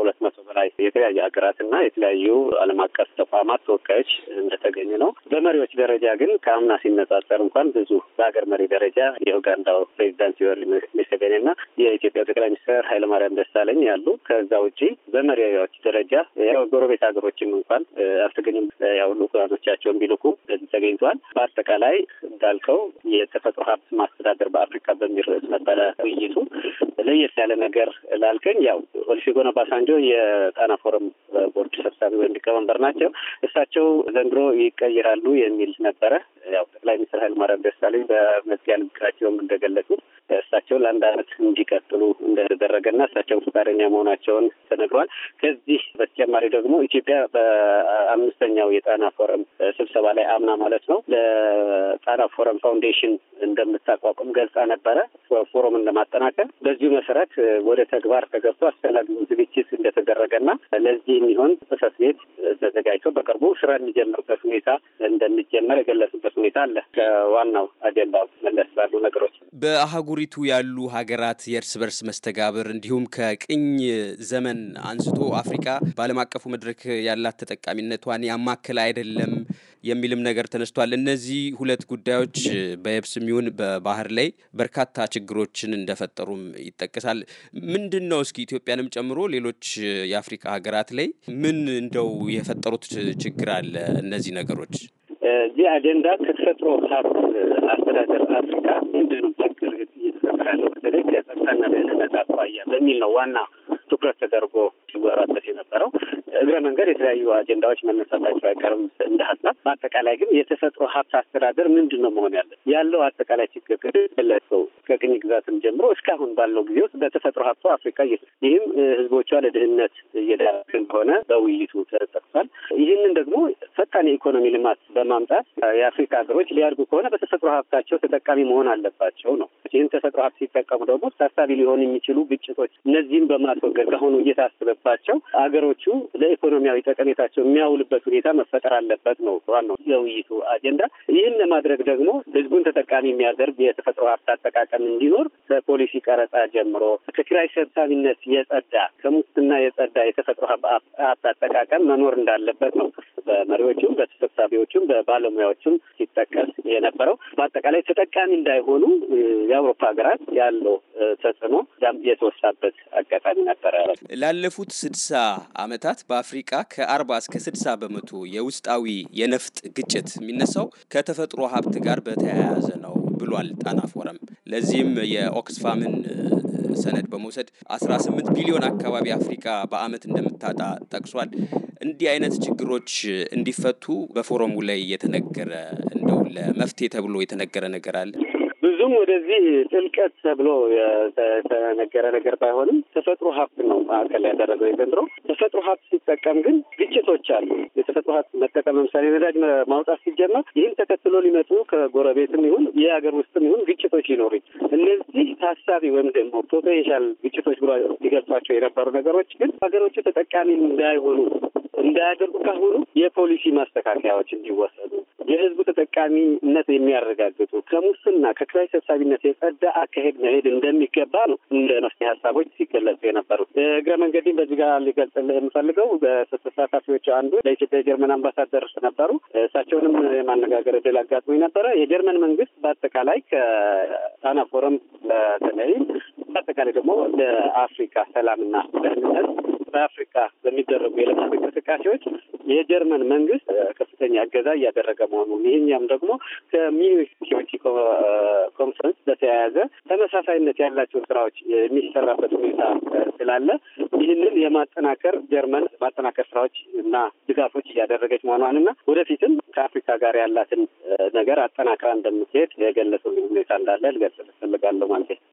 ከሁለት መቶ በላይ የተለያዩ ሀገራትና የተለያዩ ዓለም አቀፍ ተቋማት ተወካዮች እንደተገኙ ነው። በመሪዎች ደረጃ ግን ከአምና ሲነጻጸር እንኳን ብዙ በሀገር መሪ ደረጃ የኡጋንዳው ፕሬዚዳንት ዮዌሪ ሙሴቬኒና የኢትዮጵያ ጠቅላይ ሚኒስትር ኃይለማርያም ደሳለኝ ያሉ፣ ከዛ ውጪ በመሪዎች ደረጃ ጎረቤት ሀገሮችም እንኳን አልተገኙም። ያው ልኡካኖቻቸውን ቢልኩ ተገኝተዋል። በአጠቃላይ እንዳልከው የተፈጥሮ ሀብት ማስተዳደር በአፍሪካ በሚል ርዕስ ነበረ ውይይቱ። ለየት ያለ ነገር ላልከኝ ያው ኦሉሴጎን ኦባሳንጆ የጣና ፎረም ቦርድ ሰብሳቢ ወይም ሊቀመንበር ናቸው። እሳቸው ዘንድሮ ይቀይራሉ የሚል ነበረ። ያው ጠቅላይ ሚኒስትር ኃይለማርያም ደሳለኝ በመዝጊያ ንግግራቸውም እንደገለጹት እሳቸው ለአንድ አመት እንዲቀጥሉ እንደተደረገና እሳቸው ፈቃደኛ መሆናቸውን ተነግሯል። ከዚህ በተጨማሪ ደግሞ ኢትዮጵያ በአምስተኛው የጣና ፎረም ስብሰባ ላይ አምና ማለት ነው ለጣና ፎረም ፋውንዴሽን እንደምታቋቁም ገልጻ ነበረ። ፎረምን ለማጠናከር በዚሁ መሰረት ወደ ተግባር ተገብቶ አስፈላጊ ዝግጅት እንደተደረገና ለዚህ የሚሆን ጽሕፈት ቤት ተዘጋጅቶ በቅርቡ ስራ የሚጀምርበት ሁኔታ እንደሚጀመር የገለጹበት ሁኔታ አለ። ከዋናው አጀንዳ መለስ ባሉ ነገሮች በአህጉሪቱ ያሉ ሀገራት የእርስ በርስ መስተጋብር እንዲሁም ከቅኝ ዘመን አንስቶ አፍሪካ በዓለም አቀፉ መድረክ ያላት ተጠቃሚነቷን ያማከለ አይደለም የሚልም ነገር ተነስቷል። እነዚህ ሁለት ጉዳዮች በየብስም ይሁን በባህር ላይ በርካታ ችግሮችን እንደፈጠሩም ይጠቀሳል። ምንድን ነው እስኪ ኢትዮጵያንም ጨምሮ ሌሎች የአፍሪካ ሀገራት ላይ ምን እንደው የፈጠሩት ችግር አለ? እነዚህ ነገሮች እዚህ አጀንዳ ከተፈጥሮ ሀብት አስተዳደር አፍሪካ ምንድን ነው ችግር እየተፈጠረ ያለው በተለይ ከጸጥታና ደህንነት አኳያ በሚል ነው ዋና ትኩረት ተደርጎ ሲወራበት የነበረው። እግረ መንገድ የተለያዩ አጀንዳዎች መነሳታቸው አይቀርም እንደ ሀሳብ። በአጠቃላይ ግን የተፈጥሮ ሀብት አስተዳደር ምንድን ነው መሆን ያለ ያለው አጠቃላይ ችግር ለሰው ከቅኝ ግዛትም ጀምሮ እስካሁን ባለው ጊዜ ውስጥ በተፈጥሮ ሀብቶ አፍሪካ ይህም ህዝቦቿ ለድህነት እየዳረገ እንደሆነ በውይይቱ ተጠቅሷል። ይህንን ደግሞ ፈጣን የኢኮኖሚ ልማት በማምጣት የአፍሪካ ሀገሮች ሊያድጉ ከሆነ በተፈጥሮ ሀብታቸው ተጠቃሚ መሆን አለባቸው ነው። ይህን ተፈጥሮ ሀብት ሲጠቀሙ ደግሞ ታሳቢ ሊሆን የሚችሉ ግጭቶች፣ እነዚህም በማስወገድ ከአሁኑ እየታስበባቸው አገሮቹ ለኢኮኖሚያዊ ጠቀሜታቸው የሚያውልበት ሁኔታ መፈጠር አለበት ነው ዋናው የውይይቱ አጀንዳ። ይህን ለማድረግ ደግሞ ህዝቡን ተጠቃሚ የሚያደርግ የተፈጥሮ ሀብት አጠቃቀም እንዲኖር ከፖሊሲ ቀረጻ ጀምሮ ከኪራይ ሰብሳቢነት የጸዳ ከሙስና የጸዳ የተፈጥሮ ሀብት አጠቃቀም መኖር እንዳለበት ነው። በመሪዎችም በተሰብሳቢዎችም በባለሙያዎችም ሲጠቀስ የነበረው በአጠቃላይ ተጠቃሚ እንዳይሆኑ የአውሮፓ ሀገራት ያለው ተጽዕኖ የተወሳበት አጋጣሚ ነበረ። ላለፉት ስድሳ አመታት በአፍሪቃ ከአርባ እስከ ስድሳ በመቶ የውስጣዊ የነፍጥ ግጭት የሚነሳው ከተፈጥሮ ሀብት ጋር በተያያዘ ነው ብሏል ጣና ፎረም። ለዚህም የኦክስፋምን ሰነድ በመውሰድ 18 ቢሊዮን አካባቢ አፍሪካ በአመት እንደምታጣ ጠቅሷል። እንዲህ አይነት ችግሮች እንዲፈቱ በፎረሙ ላይ የተነገረ እንደው ለመፍትሄ ተብሎ የተነገረ ነገር አለ? ብዙም ወደዚህ ጥልቀት ተብሎ የተነገረ ነገር ባይሆንም ተፈጥሮ ሀብት ነው ማዕከል ያደረገው የዘንድሮ ተፈጥሮ ሀብት ሲጠቀም ግን ግጭቶች አሉ። የተፈጥሮ ሀብት መጠቀም ለምሳሌ ነዳጅ ማውጣት ሲጀመር፣ ይህም ተከትሎ ሊመጡ ከጎረቤትም ይሁን የሀገር ውስጥም ይሁን ግጭቶች ይኖሩ እነዚህ ታሳቢ ወይም ደግሞ ፖቴንሻል ግጭቶች ብሎ ሊገልጿቸው የነበሩ ነገሮች ግን ሀገሮቹ ተጠቃሚ እንዳይሆኑ እንዳያደርጉ ካሁኑ የፖሊሲ ማስተካከያዎች እንዲወሰዱ የህዝቡ ተጠቃሚነት የሚያረጋግጡ ከሙስና ከኪራይ ሰብሳቢነት የጸዳ አካሄድ መሄድ እንደሚገባ ነው እንደ መፍትሄ ሀሳቦች ሲገለጹ የነበሩት። እግረ መንገዲን በዚህ ጋር ሊገልጽልህ የምፈልገው በተሳታፊዎች አንዱ ለኢትዮጵያ የጀርመን አምባሳደር ነበሩ። እሳቸውንም የማነጋገር እድል አጋጥሞኝ ነበረ። የጀርመን መንግስት በአጠቃላይ ከጣና ፎረም በተለይም በአጠቃላይ ደግሞ ለአፍሪካ ሰላምና ደህንነት በአፍሪካ በሚደረጉ የልማት እንቅስቃሴዎች የጀርመን መንግስት ከፍተኛ እገዛ እያደረገ መሆኑን ይህኛም ደግሞ ከሚኒክ ሴኪሪቲ ኮንፈረንስ በተያያዘ ተመሳሳይነት ያላቸው ስራዎች የሚሰራበት ሁኔታ ስላለ ይህንን የማጠናከር ጀርመን ማጠናከር ስራዎች እና ድጋፎች እያደረገች መሆኗን እና ወደፊትም ከአፍሪካ ጋር ያላትን ነገር አጠናክራ እንደምትሄድ የገለጹልኝ ሁኔታ እንዳለ ልገልጽ እፈልጋለሁ ማለት ነው።